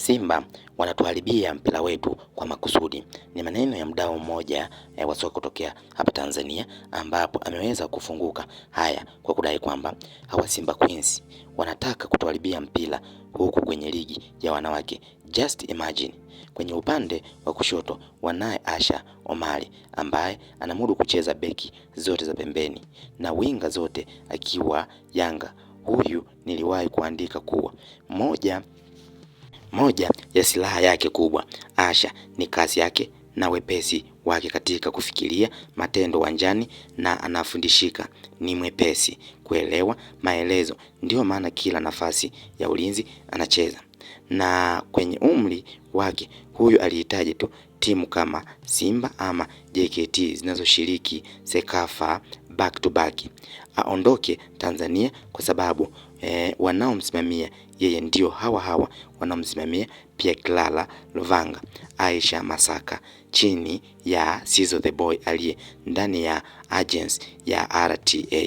Simba wanatuharibia mpira wetu kwa makusudi, ni maneno ya mdau mmoja eh, wa soka kutokea hapa Tanzania, ambapo ameweza kufunguka haya kwa kudai kwamba hawa Simba Queens wanataka kutuharibia mpira huku kwenye ligi ya wanawake. Just imagine kwenye upande wa kushoto wanaye Asha Omari ambaye anamudu kucheza beki zote za pembeni na winga zote akiwa Yanga. Huyu niliwahi kuandika kuwa moja moja ya silaha yake kubwa Asha ni kasi yake na wepesi wake katika kufikiria matendo uwanjani, na anafundishika, ni mwepesi kuelewa maelezo, ndiyo maana kila nafasi ya ulinzi anacheza. Na kwenye umri wake huyu alihitaji tu timu kama Simba ama JKT zinazoshiriki Sekafa back to back, aondoke Tanzania kwa sababu e, wanaomsimamia yeye ndio hawa hawa wanaomsimamia pia Clara Luvanga, Aisha Masaka chini ya Sizo the Boy aliye ndani ya agents ya RTA.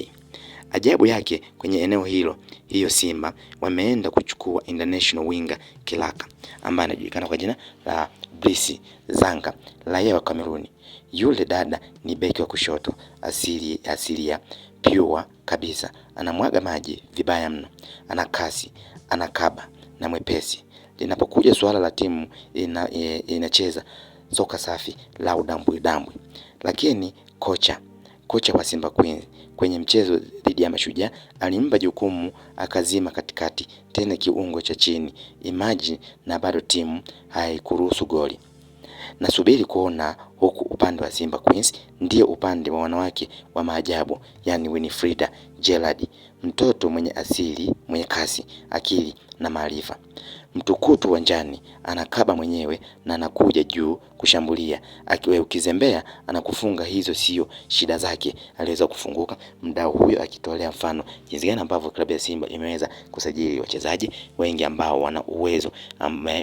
Ajabu yake kwenye eneo hilo, hiyo Simba wameenda kuchukua international winger Kilaka ambaye anajulikana kwa jina la Brice Zanka raia wa Kameruni. Yule dada ni beki wa kushoto asili asilia pure kabisa, anamwaga maji vibaya mno, ana kasi, anakaba na mwepesi. Linapokuja suala la timu e, inacheza ina soka safi la udambwi dambwi, lakini kocha kocha wa Simba Queens kwenye mchezo dhidi ya Mashujaa alimpa jukumu akazima katikati, tena kiungo cha chini Imaji, na bado timu haikuruhusu goli. Nasubiri kuona huku upande wa Simba Queens ndiyo upande wa wanawake wa maajabu, yani Winifrida Gerald, mtoto mwenye asili, mwenye kasi, akili na maarifa. Mtukutu uwanjani anakaba mwenyewe na anakuja juu kushambulia, akiwa ukizembea anakufunga. Hizo sio shida zake, aliweza kufunguka. Mdau huyo akitolea mfano jinsi gani ambavyo klabu ya Simba imeweza kusajili wachezaji wengi ambao wana uwezo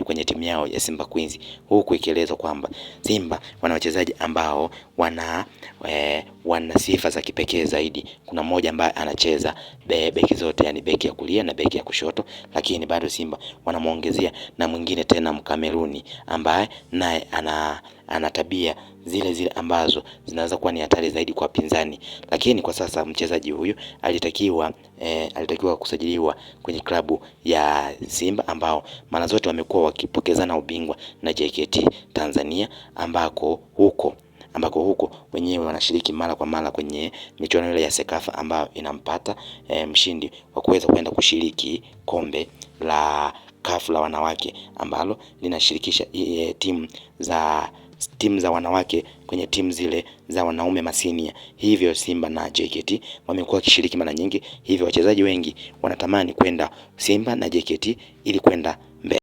kwenye timu yao ya Simba Queens, huku ikielezwa kwamba Simba wana wachezaji ambao wana e, wana sifa za kipekee zaidi. Kuna mmoja ambaye anacheza beki zote, yani beki ya kulia na beki ya kushoto, lakini bado Simba wana kuongezea na mwingine tena mkameruni ambaye naye ana ana tabia zile zile ambazo zinaweza kuwa ni hatari zaidi kwa pinzani, lakini kwa sasa mchezaji huyu alitakiwa eh, alitakiwa kusajiliwa kwenye klabu ya Simba ambao mara zote wamekuwa wakipokezana ubingwa na JKT Tanzania ambako huko ambako huko wenyewe wanashiriki mara kwa mara kwenye michuano ile ya Sekafa ambayo inampata eh, mshindi wa kuweza kwenda kushiriki kombe la kafu la wanawake ambalo linashirikisha e, eh, eh, timu za timu za wanawake kwenye timu zile za wanaume masinia. Hivyo Simba na JKT wamekuwa wakishiriki mara nyingi, hivyo wachezaji wengi wanatamani kwenda Simba na JKT ili kwenda